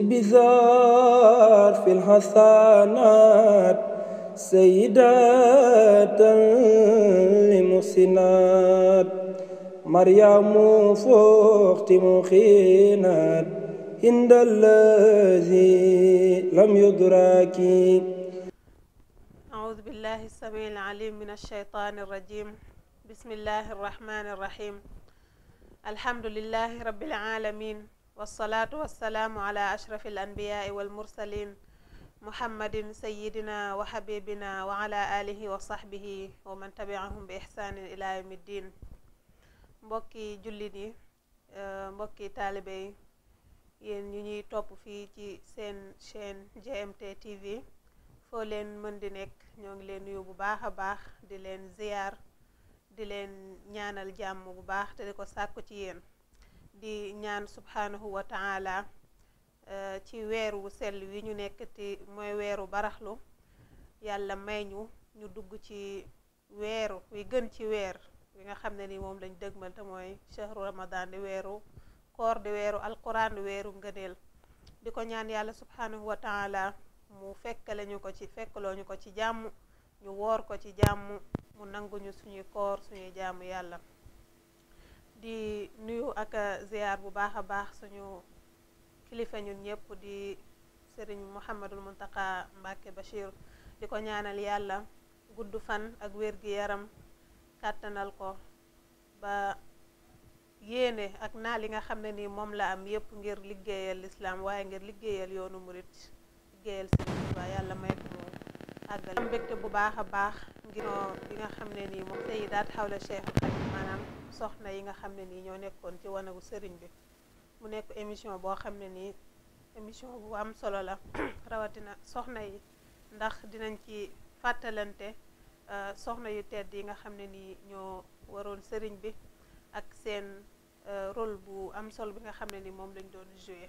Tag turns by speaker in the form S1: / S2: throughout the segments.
S1: بزار في الحسنات سيدات لمحسنات مريم فوخت مخينات عند الذي لم يدرك أعوذ بالله السميع العليم من الشيطان الرجيم بسم الله الرحمن الرحيم الحمد لله رب العالمين wasalaatu wasalaamu ala ashrafi al anbiyaai wal mursalin muhammadin sayidina wa xabibina wa ala alihi wa saxbihi wa man tabiahum bi ixsaanin ila yawmi mbokki jullit yi euh, mbokki taalibe yi yéen topp fii ci seen chaîne GMT TV foo leen mën di nekk ñoo ngi leen nuyu bu baax a baax di leen ziyaar di leen ñaanal jàmm bu baax te di ko sàkku ci yéen di ñaan subhanahu wa taala eh, ci weer sell wi ñu nekk ti mooy weeru baraxlu yàlla may ñu ñu dugg ci weeru wi gën ci weer wi nga xam ne ni moom lañ dëgmal te mooy shahru ramadan di weeru koor di weeru alquran di weeru ngëneel di ko ñaan yàlla subhanahu wa taala mu fekkale ñu ko ci fekkaloo ñu ko ci jàmm ñu woor ko ci jàmm mu nanguñu suñuy koor suñuy jaamu yàlla di nuyu ak euh, ziar bu baax a baax suñu kilifa ñun ñëpp di sëriñ Mouhamadul Muntaka Mbacke Bachir di ko ñaanal yàlla gudd fan ak wér gi yaram kàttanal ko ba yéene ak naa li nga xam ne ni moom la am yépp ngir liggéeyal lislaam waaye ngir liggéeyal yoonu murit liggéeyal sëriñ Tuubaa yàlla may ko mu àggal mbégte bu baax a baax ngir li euh, nga xam ne nii moom sayidaat xawla Cheikh Xadim soxna yi nga xam ne nii ñoo nekkoon ci wanagu sëriñ bi mu nekk émission boo xam ne nii émission bu am solo la rawatina soxna yi ndax dinañ ci fàttalante euh, soxna yu tedd yi nga xam ne nii ñoo waroon sëriñ bi ak seen euh, rôle bu am sol bi nga xam ne nii moom lañ doon joué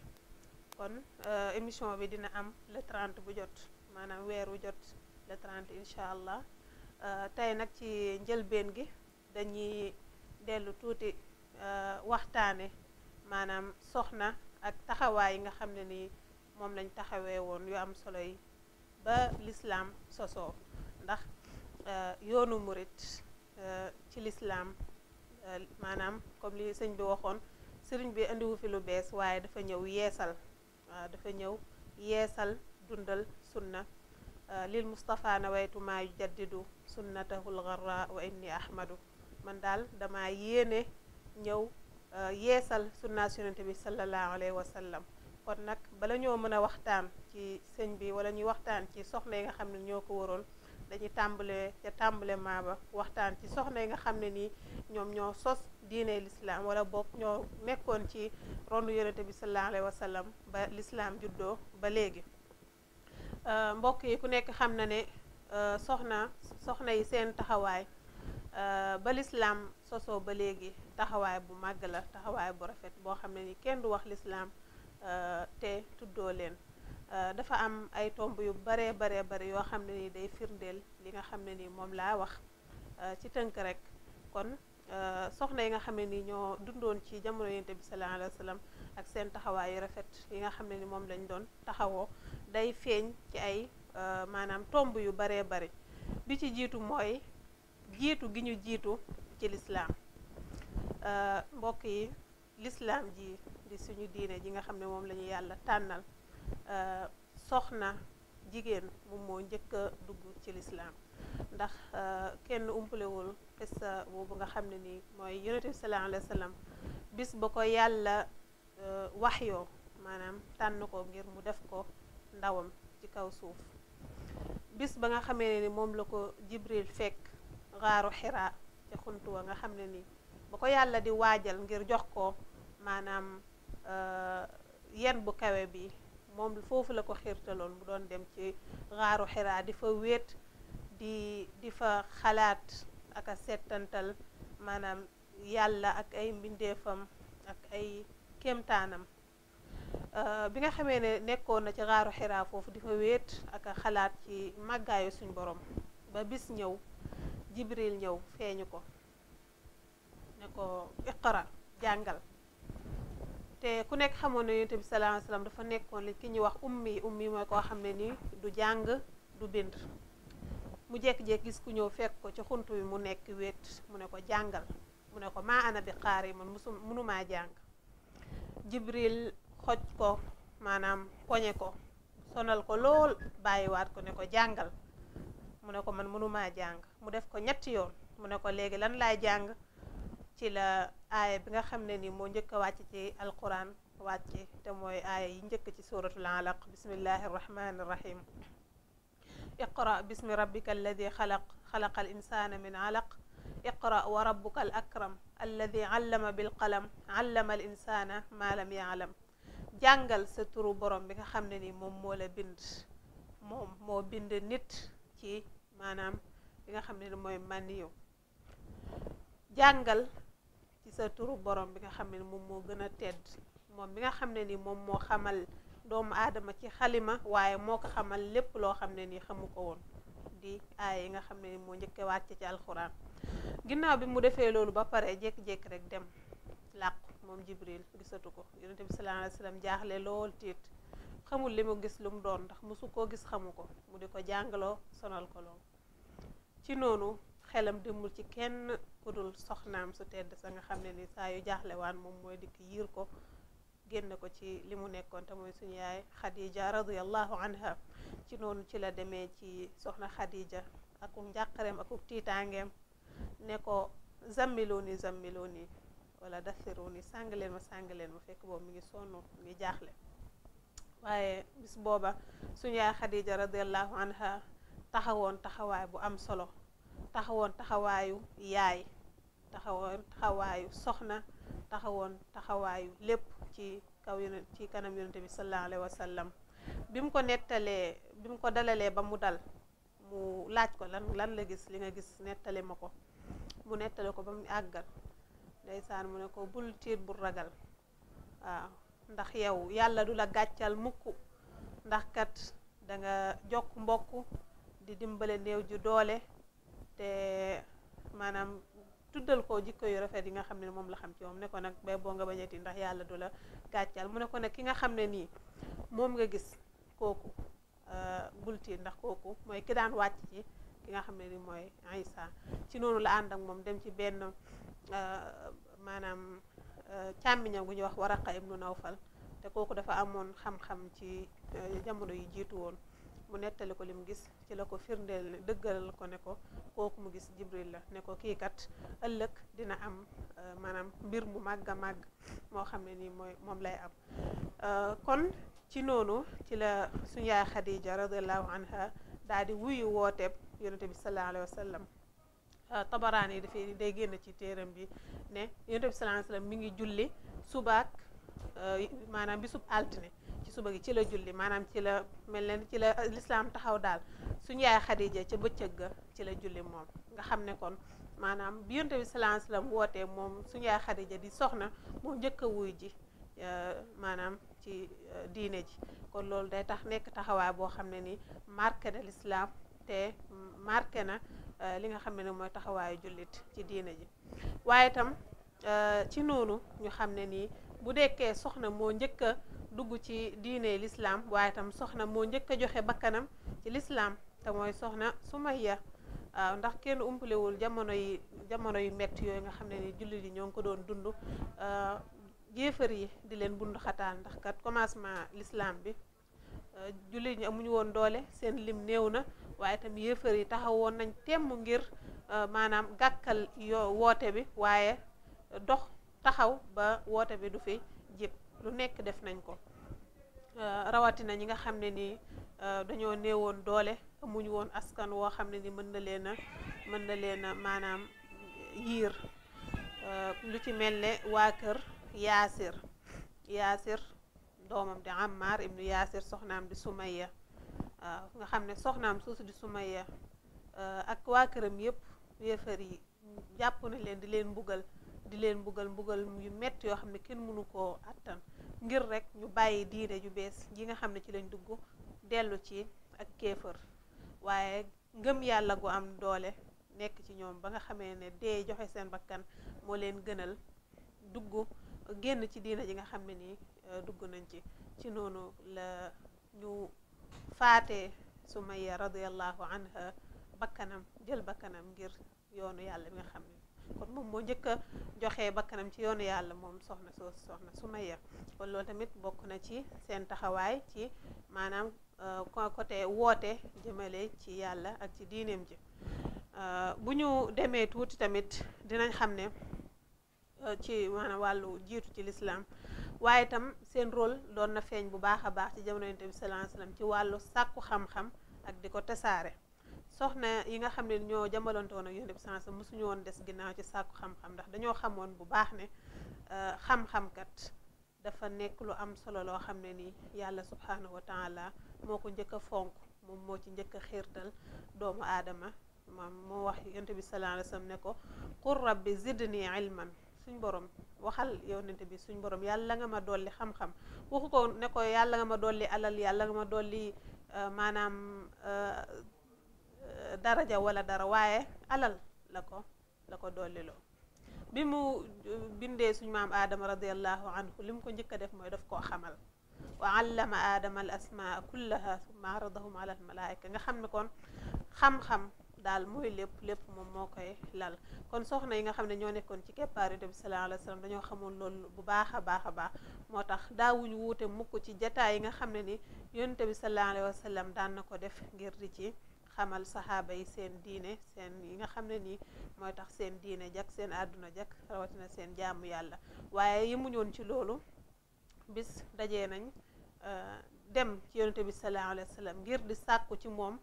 S1: kon euh, émission bi dina am le 30 bu jot maanaam weer wu jot le 30 incha allah tey nag ci njëlbeen gi dañuy. dellu tuuti euh, waxtaane maanaam soxna ak taxawaay yi nga xam ne nii moom lañ taxawee woon yu am solo yi ba lislaam sosoo ndax euh, yoonu murit euh, ci lislaam maanaam comme li sëñ bi waxoon sëriñ bi indiwu fi lu bees waaye dafa ñëw yeesal dafa ñëw yeesal dundal sunna lil Mustafa nawaytu maa yujaddidu sunnatahul gharra wa inni ahmadu man daal dama yéene ñëw euh, yeesal sunnaas yonent bi sallallahu alayhi wa kon nag bala ñoo mën a waxtaan ci sëñ bi wala ñuy waxtaan ci soxna yi nga xam ne ñoo ko waroon dañuy tàmbale ca tàmbale maa waxtaan ci soxna yi nga xam ne nii ñoom ñoo sos diine lislaam wala bokk ñoo nekkoon ci rondu yonent bi sallallahu alayhi wa ba lislaam juddoo ba léegi euh, mbokk yi ku nekk xam na ne euh, soxna soxna yi seen taxawaay Euh, ba lislaam sosoo ba léegi taxawaay bu màgg la taxawaay bu rafet boo xam ne ni kenn du wax lislaam euh, te tuddoo leen euh, dafa am ay tomb yu baree baree bari yoo xam ne nii day firndeel li nga xam ne nii moom laa wax ci tënk rek kon soxna yi nga xam ne nii ñoo dundoon ci jamono yente bi sallallahu ak seen taxawaay yu rafet yi nga xam ne ni moom lañ doon taxawoo day feeñ ci ay maanaam tomb yu baree bari bi ci jiitu mooy jiitu gi ñu jiitu ci lislaam euh, mbokk yi lislaam ji di suñu diine ji nga xam ne moom la yàlla tànnal euh, soxna jigéen moom moo njëkk a dugg ci lislaam ndax euh, kenn umpalewul xissa boobu nga xam ne ni mooy yonent bi sallallahu alayhi bis ba ko yàlla wax yoo maanaam tànn ko ngir mu def ko ndawam ci kaw suuf bis ba nga xamee ne ni moom la ko Jibril fekk xaaru xiraa ci xuntu wa nga xam ne ni ba ko yàlla di waajal ngir jox ko maanaam euh, yen bu kawe bi moom foofu la ko xiirtaloon mu doon dem ci xaaru xiraa di fa wéet di di fa xalaat aka a maanaam yàlla ak ay mbindeefam ak ay kéemtaanam euh, bi nga xamee ne nekkoon na ci xaaru xiraa foofu di fa wéet ak xalaat ci màggaayu suñ borom ba bis ñëw jibril ñëw feeñu ko ne ko iqra jàngal te ku nekk xamoon na yonent bi sallallahu alayhi wasallam dafa nekkoon li ki ñuy wax ummi ummi mooy koo xam ne nii du jàng du bind mu jekk-jekk gis ku ñëw fekk ko ci xunt bi mu nekk wéet mu ne ko jàngal mu ne ko maa ana bi xaar man musu mënumaa jàng jibril xoj ko maanaam poñe ko sonal ko lool bàyyiwaat ko ne ko jàngal mu ne ko man mënumaa jàng mu def ko ñetti yoon mu ne ko léegi lan laay jàng ci la aaya bi nga xam ne nii moo njëkk a wàcc ci alquran wàcc te mooy aaya yi njëkk ci suratul alaq bismillahi arrahmani irrahim iqra bismi rabbika alladi alaq iqra wa rabbuka al akram alladi allama bil qalam allama al insana ma lam yaalam jàngal sa turu borom bi nga xam ne nii moom moo la bind moom moo bind nit ci maanaam bi nga xam ne mooy màndi yow jàngal ci sa turu borom bi nga xam ne ni moom moo gën a tedd moom bi nga xam ne ni moom moo xamal doomu aadama ci xalima waaye moo ko xamal lépp loo xam ne ni xamu ko woon di aay yi nga xam ne ni moo njëkk wàcc ci alxuraan ginnaaw bi mu defee loolu ba pare jékki-jékki rek dem làqu moom jibril gisatu ko yonente bi sallallahu alayhi wa sallam jaaxle lool tiit xamul li mu gis lu doon ndax mosu koo gis xamu ko mu di ko jàngaloo sonal ko lool ci noonu xelam demul ci kenn ku dul soxnaam su tedd sa nga xam ne ni saa yu jaaxlewaan moom mooy dikk yiir ko génn ko ci li mu nekkoon te mooy suñu yaay Khadija radiyallahu anha ci noonu ci la demee ci soxna Khadija aku um njàqareem aku um tiitaangeem ne ko zammiluni zammiluni wala dafiru yi sàng leen ma sàng leen ma fekk boobu mi ngi sonn mi ngi jaaxle waaye bis booba suñu yaay Xadija radiallahu anha taxawoon taxawaay bu am solo taxawoon taxawaayu yaay taxawoon taxawaayu soxna taxawoon taxawaayu lépp ci kaw ci kanam yonent bi sallallahu alayhi wa sallam bi mu ko nettalee bi mu ko dalalee ba mu dal mu laaj ko lan lan la gis li nga gis nettali ma ko mu nettali ko ba mu àggal ndeysaan mu ne ko bul tiit bul ragal waaw ndax yow yàlla du la gàccal mukk ndax kat danga jokk mbokk di dimbale néew ju doole te maanaam tuddal koo jikko yu rafet yi nga xam ne moom la xam ci moom ne ko nag bay boo nga bañati ndax yàlla du la gàccal mu ne ko nag ki nga xam ne nii moom nga gis kooku euh, bul tiit ndax kooku mooy ki daan wàcc ci ki nga xam ne nii mooy Isa ci noonu la ànd ak moom dem ci benn euh, maanaam Euh, càmmiñam gu ñuy wax Waraqa ibnu Nawfal te kooku dafa amoon xam-xam ci euh, jamono yi jiitu woon mu nettali ko li mu gis ci la ko firndeel dëggalal ko ne ko kooku mu gis Jibril la ne ko kii kat ëllëg dina am euh, maanaam mbir mu màgg a màgg moo xam ne nii mooy moom lay am kon ci noonu ci la suñu yaay Xadija radiallahu anha daal di wuyu wooteeb yonente bi sallallahu alayhi wa tabaraan yi dafay day génn ci téeram bi ne yonent bi sallallahu alayhi wasallam ngi julli subaak euh, maanaam bisub altine ci suba gi ci la julli maanaam ci la mel na ci la lislaam taxaw daal suñu yaay Xadija ca bëccëg ga ci la julli moom nga xam ne kon maanaam bi yonent bi sallallahu alayhi wasallam wootee moom suñu yaay Xadija di soxna moo njëkk a wuy ji euh, maanaam ci euh, diine ji kon loolu day tax nekk taxawaay boo xam ne ni marqué na l'islam te marqué na Euh, li nga xam ne mooy taxawaayu jullit ci diine ji waaye itam euh, ci noonu ñu xam ne nii bu dekkee soxna moo njëkk a dugg ci diine lislaam waaye itam soxna moo njëkk a joxe bakkanam ci lislaam te mooy soxna su Sumayya waaw euh, ndax kenn umpalewul jamono yi jamono yu metti yooyu nga xam ne nii jullit yi ñoo ngi ko doon dund jéefar yi di leen bunduxataal xataan ndax kat commencement lislaam bi jullit ñi amuñu woon doole seen lim néew na waaye itam yéefar yi taxawoon nañ temm ngir euh, maanaam gàkkal yoo woote bi waaye dox taxaw ba woote bi du fi jib lu nekk def nañ ko euh, rawatina ñi nga xam ne nii euh, dañoo néewoon doole amuñu woon askan woo xam ne ni mën na leen a mën na leen a maanaam yiir lu ci mel ne waa kër yaasir yaasir doomam di Ammar ibnu yaasir soxnaam di Sumayya waaw nga xam ne soxnaam suusu di suma Sumayya euh, ak waa këram yépp yéefar yi jàpp na leen di leen mbugal di leen mbugal mbugal yu metti yoo xam ne kenn mënu koo attan ngir rek ñu bàyyi diine yu bees yi nga xam ne ci lañ dugg dellu ci ak kéefër waaye ngëm yàlla gu am doole nekk ci ñoom ba nga xamee ne dee joxe seen bakkan moo leen gënal dugg génn ci diina ji nga xam ne nii euh, dugg nañ ci ci noonu la ñu faate Sumayya radiyallahu anha bakkanam jël bakkanam ngir yoonu yàlla bi nga xam ne kon moom moo njëkk a joxe bakkanam ci yoonu yàlla moom soxna soosu soxna Sumayya kon loolu tamit bokk na ci seen taxawaay ci maanaam euh, côté woote jëmale ci yàlla ak ci diineem ji euh, bu ñu demee tuuti tamit dinañ xam ne Euh, ci maanaam wàllu jiitu ci lislaam waaye itam seen rôle doon na feeñ bu baax a baax ci jamono yonent bi sallallahu alayhi wasallam ci wàllu sàkku xam-xam ak di ko tasaare soxna yi nga xam ne ñoo jàmbalante woon ak yonent bi sallallahu alayhi wasallam mosuñu woon des ginnaaw ci sàkku xam-xam ndax dañoo xamoon bu baax ne euh, xam-xamkat dafa nekk lu am solo loo xam ne nii yàlla subhaanahu wa taala moo ko njëkk a fonk moom moo ci njëkk a xiirtal doomu aadama moom moo wax yonent bi sallallahu alayhi wasallam ne ko qul rabbi zidni ilman suñ boroom waxal yow yonent bi suñ borom yàlla nga ma dolli xam-xam waxu ko ne yàlla nga ma dolli alal yàlla nga ma dolli euh, maanaam euh, daraja wala dara waaye alal la ko la ko dolliloo bi mu bindee suñ maam aadama radiallahu anhu li mu ko njëkka def mooy daf koo xamal wa allama aadama al asmaa kullaha summa aradahum ala malaayika nga xam ne kon xam-xam daal mooy lépp lépp moom moo koy lal kon soxna yi nga xam ne ñoo nekkoon ci keppaaru Yonent bi sallallahu alayhi wa dañoo xamoon loolu bu baax a baax a baax moo tax daawuñu wuute mukk ci jataay yi nga xam ne ni Yonent bi sallallahu wa sallam daan na ko def ngir di ci xamal saxaaba seen diine seen yi nga xam ne nii mooy tax seen diine jak seen àdduna jak rawatina seen jàmm yàlla waaye yemuñoon ci loolu bis daje nañ euh, dem ci yonente bi sallallahu alayhi wa ngir di sàkku ci moom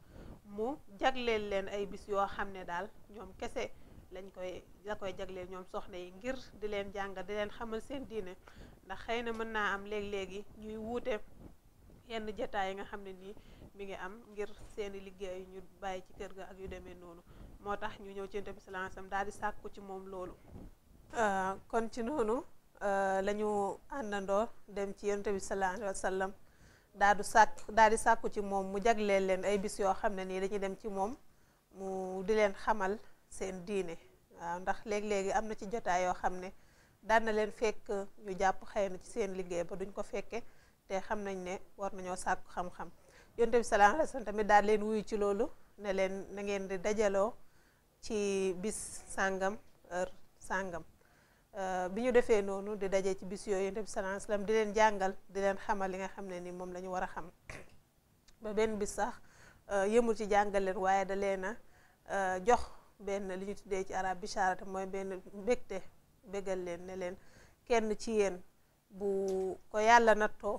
S1: mu jagleel leen ay bis yoo xam ne daal ñoom kese lañ koy la koy jagleel ñoom soxna yi ngir di leen jàngal di leen xamal seen diine ndax xëy na mën naa am léeg-léegi ñuy wuute yenn jataay yi nga xam ne nii mi ngi am ngir seeni liggéey ñu bàyyi ci kër ga ak yu demee noonu moo tax ñu ñëw ci yonent bi sallallahu alayhi wasallam daal di sàkku ci moom loolu euh, kon ci noonu euh, la ñu àndandoo dem ci yonent bi sallallahu alayhi wasallam daa du sàkk daal di sàkku ci moom mu jagleel leen ay bis yoo xam ne nii dañuy dem ci moom mu di leen xamal seen diine waaw ndax léegi-léegi am na ci jotaay yoo xam ne daan na leen fekk ñu jàpp xëy na ci seen liggéey ba duñ ko fekke te xam nañ ne war nañoo sàkku xam-xam yonte bi sallallahu tamit daal leen wuyu ci loolu ne leen na ngeen di dajaloo ci bis sàngam heure sàngam Euh, bi ñu defee noonu di dajee ci bis yooyu yonent bi sallallahu alayhi wasallam di leen jàngal di leen xamal li nga xam ne ni moom lañu war a xam ba benn bis sax euh, yëmul ci jàngal leen waaye da leen a euh, jox benn li ñu tuddee ci arab bisharata mooy benn mbégte bégal leen ne leen kenn ci yéen bu ko yàlla nattoo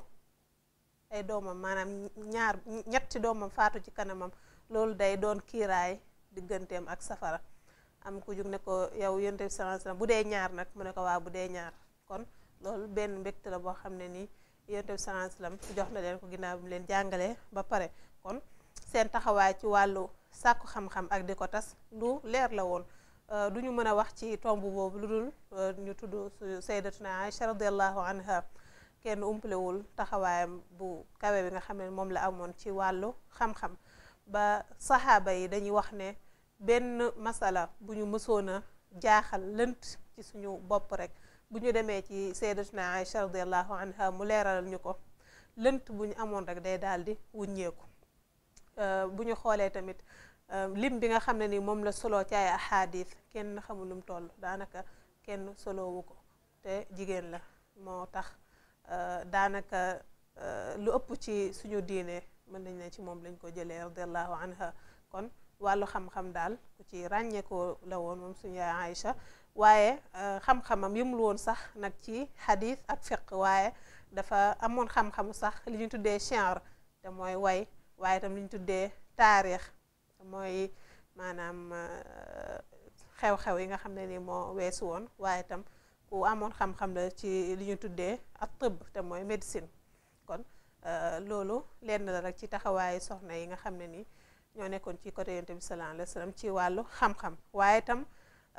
S1: ay doomam maanaam ñaar ñetti doomam faatu ci kanamam loolu day doon kiiraay digganteem ak safara am ku jóg ne ko yow yonte bi sallallahu alayhi bu dee ñaar nag mu ne ko waa bu dee ñaar kon loolu benn mbégte la boo xam ne nii yonte bi sallallahu alayhi wasallam jox na leen ko ginnaaw bi mu leen jàngalee ba pare kon seen taxawaay ci wàllu sàkku xam-xam ak di ko tas lu leer la woon euh, du ñu mën a wax ci tomb boobu lu dul euh, ñu tudd sayyidatuna Aïcha radiyallahu anha kenn umpalewul taxawaayam bu kawe bi nga xam ne moom la amoon ci wàllu xam-xam ba saxaaba yi dañuy wax ne benn masala bu ñu mësoon a jaaxal lënt ci suñu bopp rek bu ñu demee ci sayyidatuna Aïcha radiallahu anha mu leeralal ñu ko lënt bu ñu amoon rek day daal di wuññeeku euh, bu ñu xoolee tamit euh, lim bi nga xam ne ni moom la solo ci ay ahadis kenn xamul lu mu daanaka kenn solowu ko te jigéen la moo tax euh, daanaka lu ëpp ci suñu diine mën nañ ne ci moom lañ ko jëlee radiallahu anha kon wàllu xam-xam daal ku ci ràññeekoo la woon moom suñu yaay Aïcha waaye euh, xam-xamam yëmul woon sax nag ci xadis ak fiq waaye dafa amoon xam-xamu sax li ñu tuddee chenre te mooy way waaye tam li ñu tuddee taarix mooy maanaam euh, xew-xew yi nga xam ne ni moo weesu woon waaye itam ku amoon xam-xam la ci li ñu tuddee ak tëbb te mooy médecine kon euh, loolu lenn la rek ci taxawaayu soxna yi nga xam ne nii ñoo nekkoon ci côté yonent bi sallallahu alayhi wa ci wàllu xam-xam waaye itam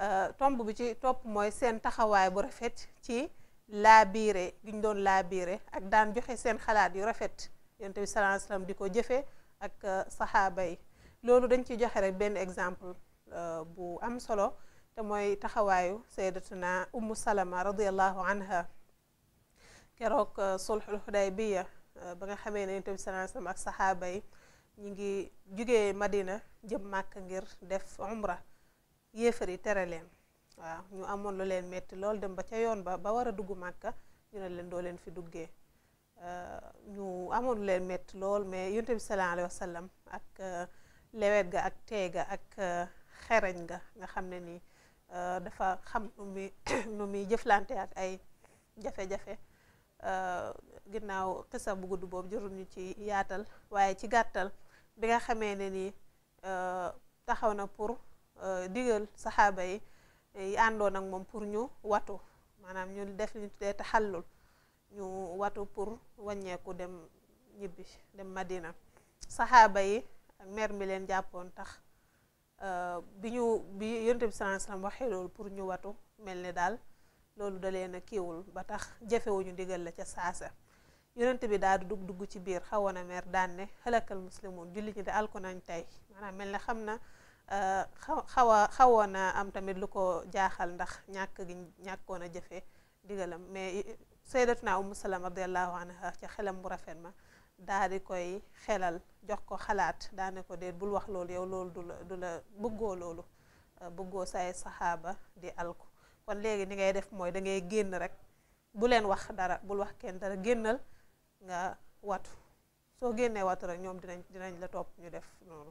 S1: euh, tomb bi ci topp mooy seen taxawaay bu rafet ci laabiire gi ñu doon laabiire ak daan joxe seen xalaat yu rafet yonent bi sallallahu alayhi wa sallam di ko jëfe ak euh, saxaaba yi loolu dañ ciy joxe rek benn exemple euh, bu am solo te mooy taxawaayu sayyidatuna ummu salama radiallahu anha keroog sulxul xudaybiya ba nga xamee ne yonent bi sallallahu ak saxaaba yi ñu ngi jugee Madina jëm màkk ngir def umra yéefar yi tere leen waaw ñu amoon lu leen metti lool dem ba ca yoon ba ba war a dugg màkk ñu ne leen doo leen fi duggee ñu amoon lu leen metti lool mais yonent bi sallallahu alayhi wa ak lewet ga ak teega ak xereñ ga nga xam ne nii dafa xam nu muy nu jëflante ak ay jafe-jafe ginnaaw xisa bu gudd boobu jërul ñu ci yaatal waaye ci gàttal bi nga xamee ne nii euh, taxaw na pour euh, digal saxaaba yi yi àndoon ak moom pour ñu watu maanaam ñu def ñu tuddee taxallul ñu watu pour wàññeeku dem ñibbi dem Madina saxaaba yi ak mer leen jàppoon tax euh, bi ñu bi yonent bi sallallahu alayhi waxee loolu pour ñu watu mel ni daal loolu da leen kiiwul ba tax jafewuñu digal la ca saasa yonent bi daal di dug dugg ci biir xawoon na mer daan ne xalakal muslimun julli ñi de alko nañ tey maanaam mel ne xam na euh, xaw a xawoon na am tamit lu ko jaaxal ndax ñàkk gi ñàkkoon a jëfee digalam mais sayyidatuna Umm Salama radiyallahu anha ca xelam bu rafet ma daal di koy xelal jox ko xalaat daane ko déet bul wax loolu yow loolu du la du la bëggoo loolu euh, bëggoo say saxaaba di alko kon léegi ni ngay def mooy da ngay génn rek bu leen wax dara bul wax kenn dara génnal nga watu soo génnee watu rek ñoom dinañ dinañ la topp ñu def noonu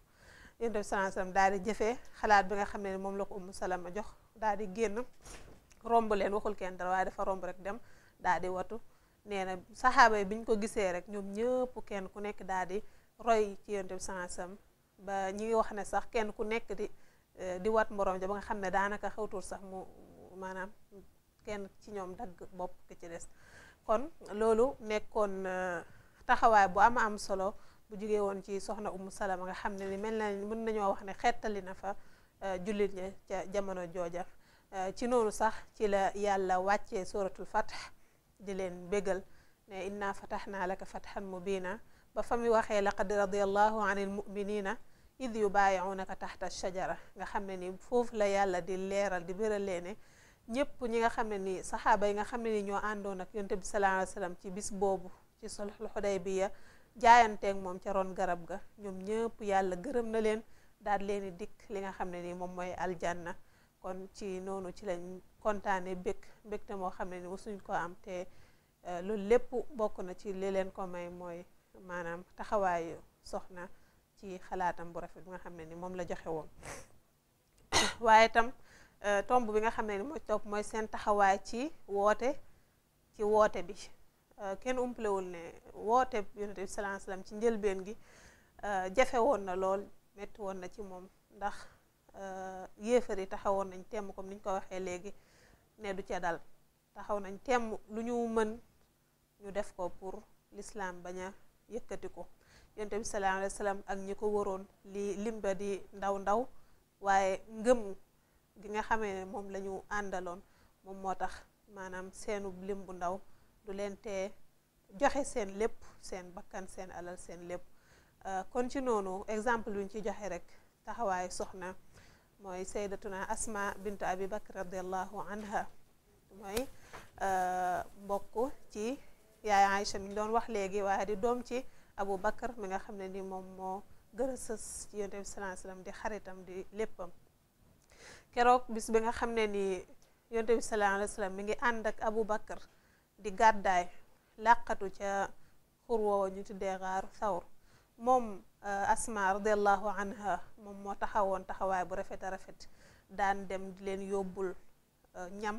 S1: yéen def sallallahu alayhi wasallam daal di jëfee xalaat bi nga xam ne moom la ko Umm Salama jox daal di génn romb leen waxul kenn dara waaye dafa romb rek dem daal di watu nee na saxaaba bi ñu ko gisee rek ñoom ñëpp kenn ku nekk daal di roy ci yonent bi sallallahu ba ñi ngi wax ne sax kenn ku nekk di eh, di wat moroom ja ba nga xam ne daanaka xewtul sax mu maanaam kenn ci ñoom dagg bopp ki ci des kon loolu nekkoon euh, taxawaay bu am am solo bu jugee woon ci soxna Umu Salama nga xam ne ni mel na mën nañoo wax ne xettali na fa euh, jullit ña ca jamono jooja euh, ci noonu sax ci la yàlla wàccee suratul fatx di leen bégal ne inna fataxnaa laka fatxan mubina ba fa mu waxee laqad radiallahu an il muminina id yubaayiunaka taxta shajara nga xam ne ni foofu la yàlla di leeral di béraleene ñëpp ñi nga xam ne ni saxaaba yi nga xam ne ni ñoo àndoon ak yonte bi sallallahu alayhi wasallam ci bis boobu ci sulhul Hudaybiya jaayanteeg moom ca ron garab ga ñoom ñëpp yàlla gërëm na leen daal leen dikk li nga xam ne ni moom mooy na kon ci noonu ci lañ kontaane bëgg mbégte moo xam ne ni wasuñ ko am te euh, loolu lépp bokk na ci li leen ko may mooy maanaam taxawaayu soxna ci xalaatam bu rafet bu nga xam ne ni moom la joxe woon waaye tam Euh, tomb bi nga xam ne ni mooy topp mooy seen taxawaay ci woote ci woote bi euh, kenn umpalewul ne woote yonent bi sallallahu ci njëlbeen gi euh, jafe woon na lool metti na ci moom ndax yéefar yi taxawoon nañ temm comme ni ñu ko waxee léegi ne du ca dal taxaw nañ temm lu ñu mën ñu def ko pour l'islam bañ a yëkkati ko yonent bi ak ñi ko waroon li limba di ndaw ndaw waaye ngëm gi nga xamee ne moom lañu àndaloon moom moo tax maanaam seenu lim bu ndaw du leen tee joxe seen lépp seen bakkan seen alal seen lépp euh, kon ci noonu exemple yuñ ci joxe rek taxawaayu soxna mooy saydatuna asma bintu abi bakr radiallahu anha mooy euh, mbokk ci yaay Aïcha doon wax léegi waaye di doom ci abu bakar mi nga xam ne ni moom moo gën a sës yonent bi di xaritam di léppam keroog bis bi nga xam ne ni yonte bi sallallahu alayhi wa sallam mi ngi ànd ak Abu Bakar di gàddaay làqatu ca xur woowa ñu tuddee xaaru sawr moom euh, Asma radiallahu anha moom moo taxawoon taxawaay bu rafet a rafet daan dem leen yóbbul euh, ñam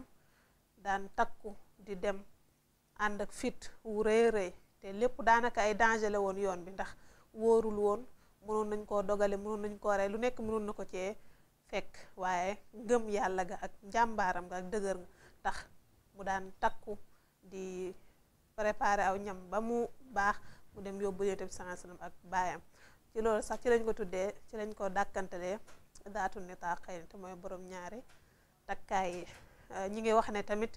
S1: daan takku di dem ànd ak fit wu rëy rëy te lépp daanaka ay danger woon yoon bi ndax wóorul woon mënoon nañ koo dogale mënoon nañ koo rey lu nekk mënoon na ko cee fekk waaye ngëm yàlla ga ak njàmbaaram ga ak dëgër nga tax mu daan takku di préparer aw ñam ba mu baax mu dem yóbbu yonent bi sallallahu ak baayam ci loolu sax ci lañ ko tuddee ci lañ ko dàkkantalee daatu ne taaxay te mooy boroom ñaari takkaay yi euh, ñi ngi wax ne tamit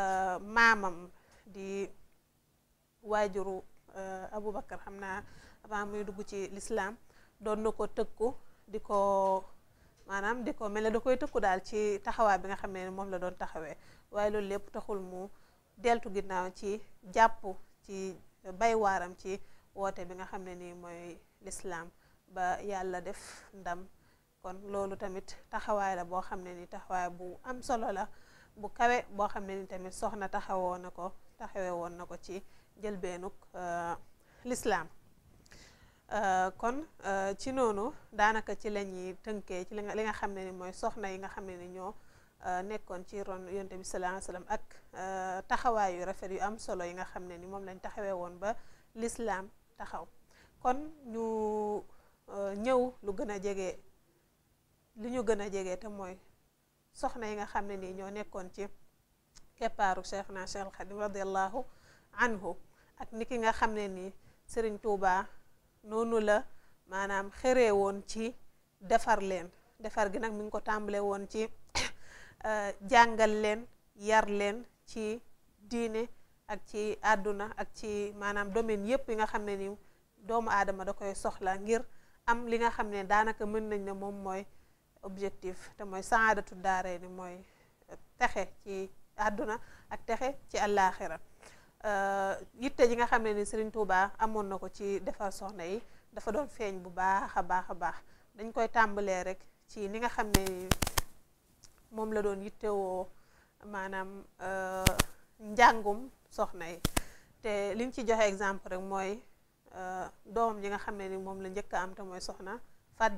S1: euh, maamam di waajuru euh, Aboubacar xam naa avant muy dugg ci lislaam doon na ko tëkku di ko maanaam di ko mel ne da koy tëkku daal ci taxawaay bi nga xam ne moom la doon taxawee waaye loolu lépp taxul mu deltu ginnaaw ci jàpp ci bay waaram ci woote bi nga xam ne ni mooy lislaam ba yàlla def ndam kon loolu tamit taxawaay la boo xam ne ni taxawaay bu am solo la bu kawe boo xam ne ni tamit soxna taxawoo na ko taxawee woon na ko ci njëlbeenug euh, lislaam Euh, kon euh, ci noonu daanaka ci la ñuy tënkee ci li nga li nga xam ne ni mooy soxna yi nga xam ne ni ñoo euh, nekkoon ci ron yonte bi sallallahu ak taxawaay yu rafet yu am solo yi nga xam ne ni moom lañ taxawee woon ba lislaam taxaw kon ñu ñëw lu gën a jege li ñu gën a jege te mooy soxna yi nga xam ne ni ñoo nekkoon ci keppaaru Cheikhna Cheikh al Khadim radiyallahu anhu ak ni ki nga xam ne nii Serigne Touba. noonu la maanaam xëree woon ci defar leen defar gi nag mu ngi ko tàmbale woon ci jàngal leen yar leen ci diine ak ci àdduna ak ci maanaam domaine yépp yi nga xam ne ni doomu aadama da koy soxla ngir am li nga xam ne daanaka mën nañ ne moom mooy objectif te mooy saadatu daaree ni mooy texe ci àdduna ak texe ci àllaaxira Euh, yitte ji nga xam ne ni Serigne Touba amoon na ko ci defar soxna yi dafa doon feeñ bu baax a baax a baax dañ koy tàmbalee rek ci ni nga xam ne moom la doon yittewoo maanaam euh, njàngum soxna yi te liñ ci joxe exemple rek mooy euh, doom ji nga xam ne ni moom la njëkk a am te mooy soxna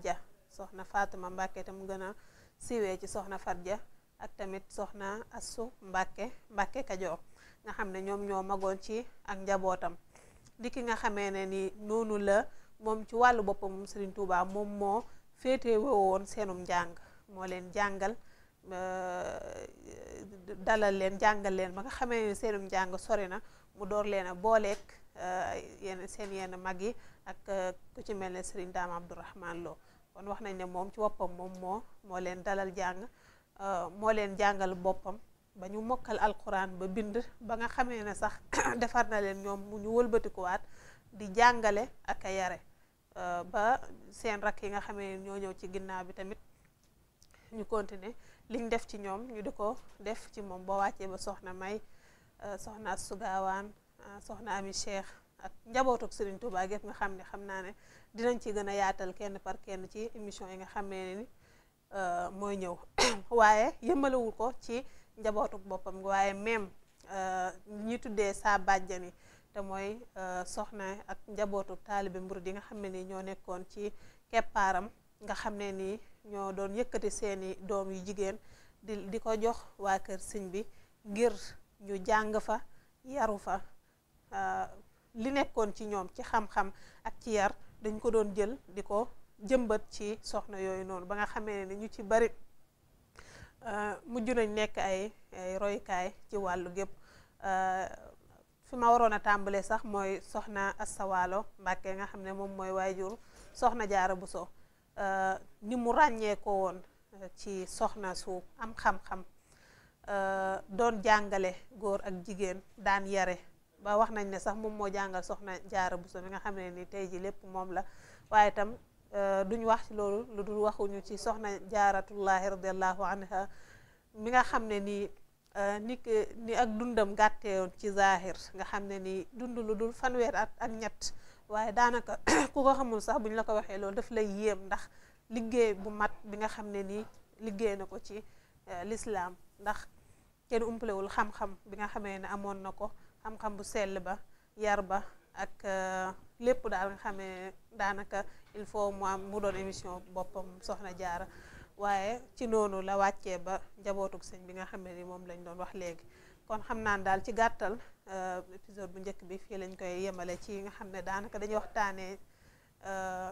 S1: ja soxna Fatima Mbàkke te mu gën a siwee ci soxna ja ak tamit soxna Assu Mbàkke Mbàkke Kajoor nga xam ne ñoom ñoo magoon ci ak njabootam di ki nga xamee ne ni noonu la moom ci wàllu boppam Serigne Touba moom moo féetewoo woon seenum njàng moo leen jàngal euh, dalal leen jàngal leen ba nga xamee ne njàng sori na mu door leen a booleek euh, yenn seen yenn mag yi ak ku ci mel ne Serigne Dame Abdourahmane Lo kon wax nañ ne moom ci boppam moom moo moo leen dalal jàng euh, moo leen jàngal boppam ba ñu mokkal alquran ba bind ba nga xamee ne sax defar na leen ñoom mu ñu wëlbatikuwaat di jàngale ak a yare euh, ba seen rakk yi nga xamee ñoo ñëw ci ginnaaw bi tamit ñu continuer liñ def ci ñoom ñu di ko def ci moom boo wàccee ba soxna May euh, soxna Sugaawaan euh, soxna Ami Cheikh ak njabootuk Serigne Touba gépp nga xam ne xam naa ne dinañ ci gën a yaatal kenn par kenn ci émission yi nga xamee ne ni mooy ñëw waaye yëmalewul ko ci. njabootu boppam waaye même euh, ñi tuddee saa bàjjan te mooy euh, soxna ak njabootu taalibe murid yi nga xam ne ni ñoo nekkoon ci keppaaram nga xam ne nii ñoo doon yëkkati seeni doom yu jigéen di di ko jox waa kër sëñ bi ngir ñu jàng fa yaru fa euh, li nekkoon ci ñoom ci xam-xam ak ci yar dañ ko doon jël di ko jëmbat ci soxna yooyu noonu ba nga xamee ne ñu ci bari Euh, mujj nañ nekk ay ay royukaay ci wàllu gépp euh, fi ma waroon a tàmbale sax mooy soxna Asawaalo Mbàkke nga xam ne moom mooy waajur soxna Jaara Buso euh, ni mu ràññee ko woon ci soxna su am xam-xam doon jàngale góor ak jigéen daan yare ba wax nañ ne sax moom moo jàngal soxna Jaara Buso mi nga xam ne ni tey ji lépp moom la waaye tam Euh, duñ wax ci loolu lu dul waxuñu ci soxna jaaratullahi radiallahu anha mi nga xam ne nii euh, ni ni ak dundam gàtteewoon ci zahir nga xam ne nii dund lu dul fanweer at ak ñett waaye daanaka ku ko xamul sax buñ la ko waxee loolu daf lay yéem ndax liggéey bu mat bi nga xam ne nii liggéey na ko ci euh, lislaam ndax kenn umpalewul xam-xam bi nga xamee ne amoon na ko xam-xam bu sell ba yar ba ak euh, lépp daal nga xamee daanaka il faut mu am mu doon émission boppam soxna jaara waaye ci noonu la wàccee ba njabootug sëñ bi nga xam ne ni moom lañ doon wax léegi kon xam naan daal ci gàttal euh, épisode bu njëkk bi fii lañ koy yemale ci nga xam ne daanaka dañuy waxtaanee euh,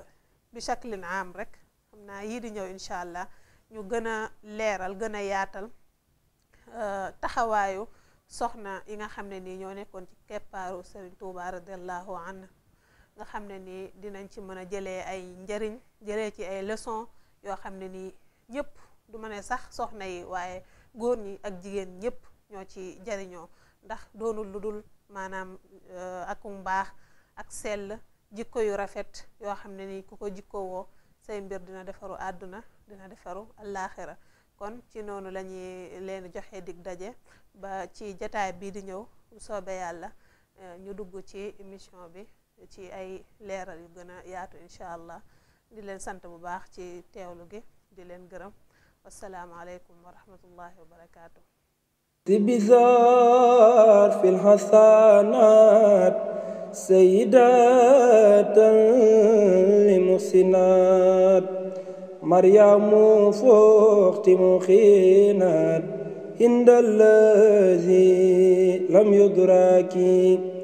S1: bi chaklin am rek xam naa yii di ñëw incha allah ñu gën a leeral gën a yaatal taxawaayu soxna yi nga xam ne nii ñoo nekkoon ci keppaaru Serigne Touba radiallahu anhu nga xam ne nii dinañ ci mën a jëlee ay njëriñ jëlee ci ay leçon yoo xam ne nii ñëpp du ma ne sax soxna yi waaye góor ñi ak jigéen ñëpp ñoo ci jariñoo ndax doonul lu dul maanaam eh, akum baax ak sell jikko yu rafet yoo xam ne nii ku ko jikkowoo woo say mbir dina defaru àdduna dina defaru àllaaxira kon ci noonu la ñuy joxe dig daje ba ci jataay bii di ñëw soobee yàlla eh, ñu dugg ci émission bi ci ay leeral yu gën a yaatu incha allah di leen sant bu baax ci teewlu gi di leen gërëm wasalaamualeykum wa rahmatullahi wa barakaatu. تبذار في الحسنات سيدات لمحسنات مريم فاختم خينات عند الذي لم يدرك